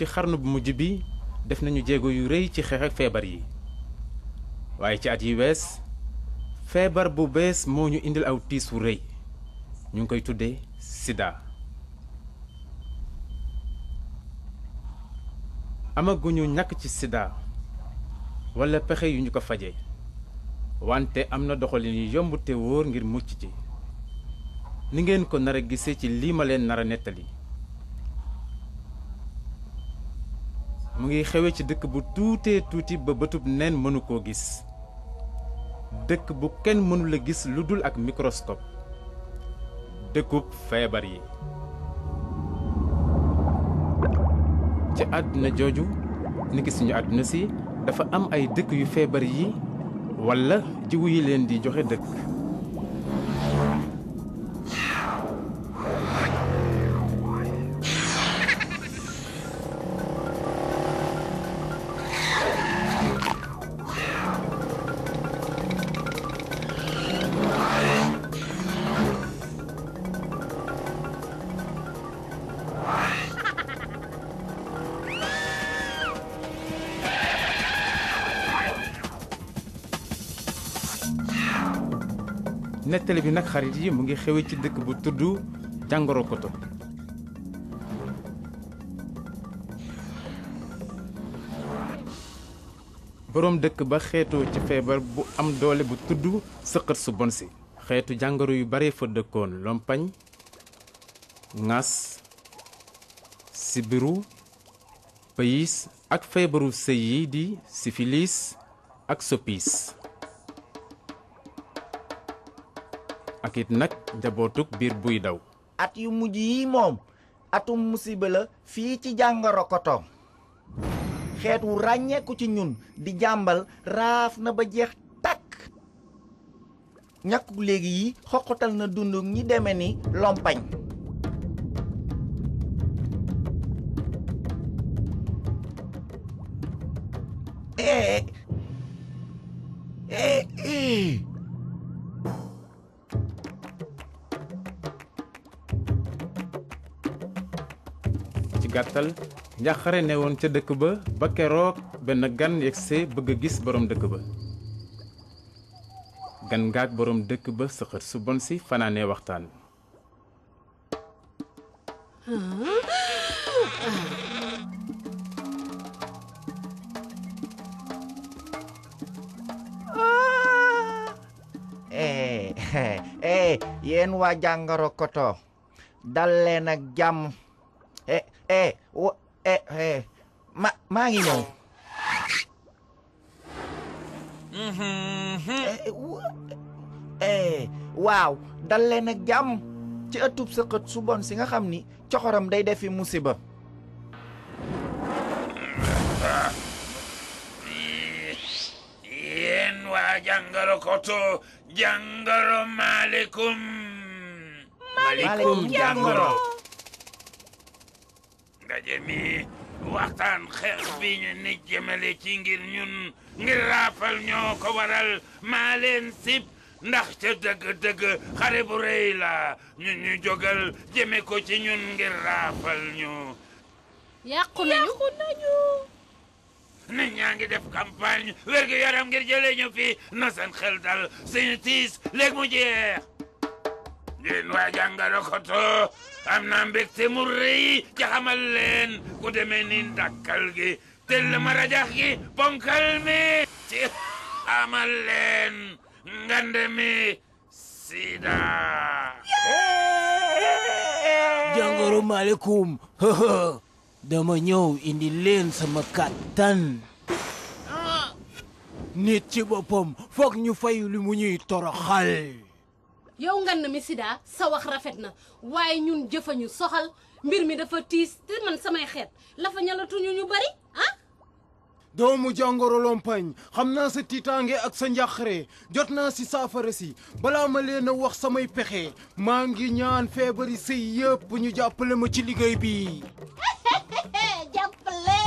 ci xarnu bu mujj bi def nañu jéego yu rëy ci xeex ak feebar yi waaye ci at yi wees feebar bu bees moo ñu indil aw tiis wu rëy ñu ngi koy tuddee sida amaguñu ñakk ci sida walla pexe yu ñu ko faje wante am na doxalin yu yomb te wóor ngir mucc ci ni ngeen ko nar a gisee ci lii ma leen nar a nettali mu ngi xewe ci dëkk bu tuutee tuuti ba bëtub neen mënu koo gis dëkk bu kenn mënula gis lu dul ak microscope dëkkub feebar yi ci àdduna jooju niki suñu àdduna si dafa am ay dëkk yu feebar yi walla jiwu yi leen di joxe dëkk nettali bi nag xarit yi mu ngi xewe ci dëkk bu tudd jàngoro koto boroom dëkk ba xeetoo ci feebar bu am doole bu tudd sëqët su bon si xeetu jàngoro yu bare fa dëkkoon lompañ ŋas sibiru payis ak feebaru sëy yi di sifilis ak sopiis akit nag njabootug biir buy daw at yu mujj yi moom atum musiba la fii ci jàngoro kotoom xeetu ràññeeku ci ñun di jàmbal raaf na ba jeex tàkk ñàkku léegi yi xoqatal na dund ñi deme ni lompañ eh, eh, eh, gàttal njàqare ne woon ca dëkk ba ba keroog benn gan yegsee bëgg a gis boroom dëkk ba gan ngaak borom dëkk ba sëqët su bon si fanaanee waxtaan eh, eh, eh, yéen waa jàngoro koto dal leen ak jàmm えー、お、え、えー、ま、マギの。waaw mm-hmm. dal leen ak jàmm ci ëttub sëqët su bon si nga xam ni coxoram day defi musiba yéen waa jàngoro koto jàngoro maaleykum maaleykum jàngoro ndaje mi waxtaan xeex bi ñu ni jëmale ci ngir ñun ngir raafal ñoo ko waral maa leen sib ndax ca dëgg-dëgg xare bu rëy la ñu ñu jógal jëme ko ci ñun ngir raafal ñu yàqu nañu nit ñaa ngi def campagne wér gu yaram ngir jëlee ñu fi na xel dal suñu tiis léegi mu jeex yéen waa jàngoro koto am naa mbégte mu rëy ci xamal leen ku demee ni ndàkkal gi tell ma rajax gi ponkal mi ci xamal leen ngande mi sida jàngoro maaleykum dama ñëw indi leen sama kàttan ah. nit ci boppam foog ñu fay li mu ñuy toroxal yow ngan na mi sida sa wax rafet na waaye ñun jëfañu soxal mbir mi dafa tiis te man samay xeet la fa ñalatuñu ñu bari ah? doomu jàngoro lompañ xam naa sa tiitaange ak sa njàqare jot naa si saafara si balaa ma leen a wax samay pexe maa ngi ñaan feebari sëy yëpp ñu jàppale ma ci liggéey bi jàppale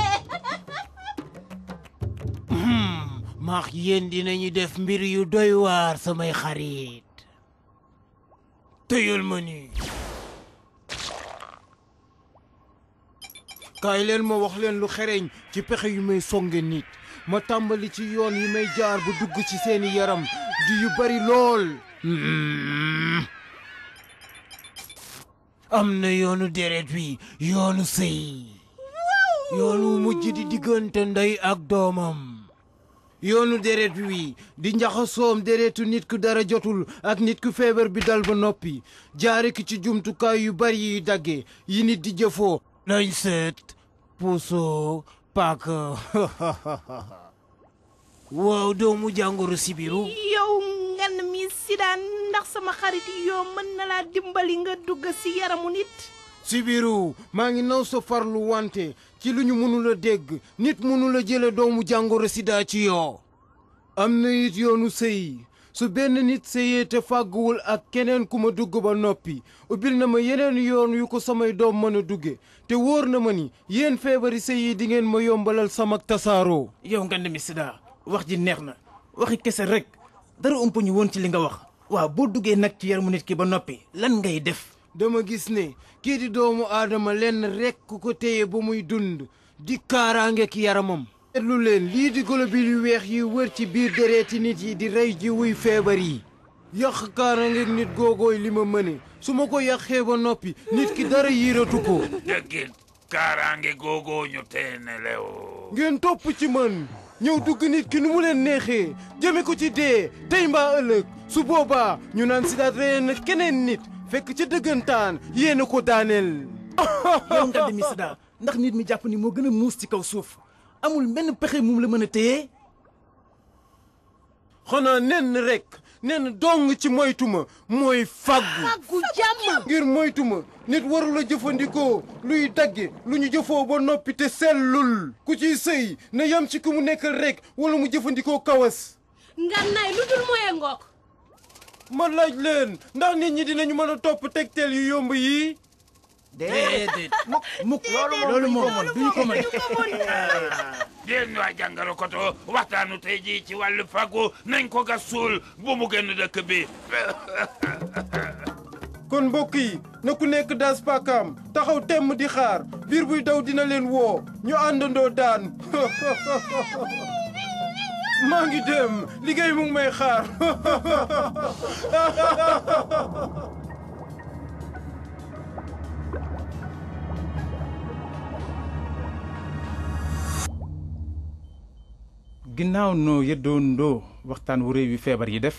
maax hmm, yéen dinañu def mbir yu doy waar samay xarit Değil mani kaay leen ma wax leen lu xereñ ci pexe yu may songe nit ma tàmbali ci yoon yi may jaar bu dugg ci seeni yaram di yu bari lool am na yoonu deret wi yoonu sëy yoonu mujj di diggante ndey ak doomam yoonu deret wi di njaxasoom deretu nit ku dara jotul ak nit ku feebar bi dal ba noppi jaare ki ci jumtukaay yu bari yuy dagge yi nit di jëfoo nañ seet puso paak waaw doomu jàngoro sibiru yow ngan mi sidaan ndax sama xarit yoo mën na laa dimbali nga dugg ci yaramu nit sibiru maa ngi naw sa farlu wante ci lu ñu mënula dégg nit mënula jële doomu jàngoro sida ci yoo am na it yoonu sëy su benn nit sëyee te fàgguwul ak keneen ku ma dugg ba noppi ubbil na ma yeneen yoon yu ko samay doom mën a dugge te wóor na ma ni yéen feebari sëy yi di ngeen ma yombalal sama tasaaroo yow nga mi sida wax ji neex na waxi kese rek dara ump ñu woon ci li nga wax waaw boo duggee nag ci mu nit ki ba noppi lan ngay def dama gis ne kii di doomu aadama lenn rekk ko téye ba muy dund di kaaraange ki yaramam seetlu leen lii di globule yu weex yi wër ci biir dereeti nit yi di rey ji wuy feebar yi yàq kaaraangeeg nit googooy li ma mëne su ma ko yàqee ba noppi nit ki dara yiiratu ko dëggil kaaraange googoo ñu teene lew ngeen topp ci man ñëw dugg nit ki nu mu leen neexee jëme ko ci dee tey mbaa ëllëg su booba ñu naan sidaat reyeen na keneen nit fekk ca dëggantaan yéen a ko daaneel. yow nga demi ndax nit mi jàpp ni moo gën a muus ci kaw suuf amul menn pexe moom la mën a téye. xanaa nenn rekk nenn dong ci moytuma mooy faggu. faggu jàmm ngir moytuma nit warula jëfandikoo luy dagge lu ñu jëfoo ba noppi te sellul. ku ciy sëy na yam ci ku mu nekkal rek wala mu jëfandikoo kawas. nga lu dul moye ngoog. ma laaj leen ndax nit ñi dinañu mën a topp tegteel yu yomb yii. déedéet mukk mukk loolu moom duñu ko mën déen waa jàngoro koto waxtaanu tey jii ci wàllu fagu nañ ko gas suul bu mu génn dëkk bi kon mbokk yi na ku nekk daas paakaam taxaw temm di xaar biir buy daw dina leen woo ñu àndandoo daan maa ngi dem liggéey mu ngi may ginnaaw noo yëddoondoo waxtaan wu réew wi feebar yi def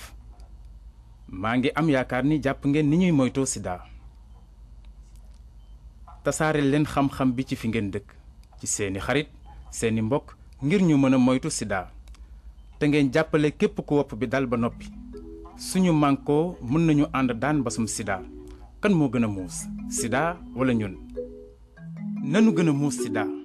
maa ngi am yaakaar ni jàpp ngeen ni ñuy moytoo sida tasaare leen xam-xam bi ci fi ngeen dëkk ci seeni xarit seeni mbokk ngir ñu mën a moytu sida te ngeen jàppale képp ku wopp bi dal ba noppi suñu mànkoo mën nañu ànd daan mbasum sida kan moo gën a muus sida wala ñun nanu gën a muus sida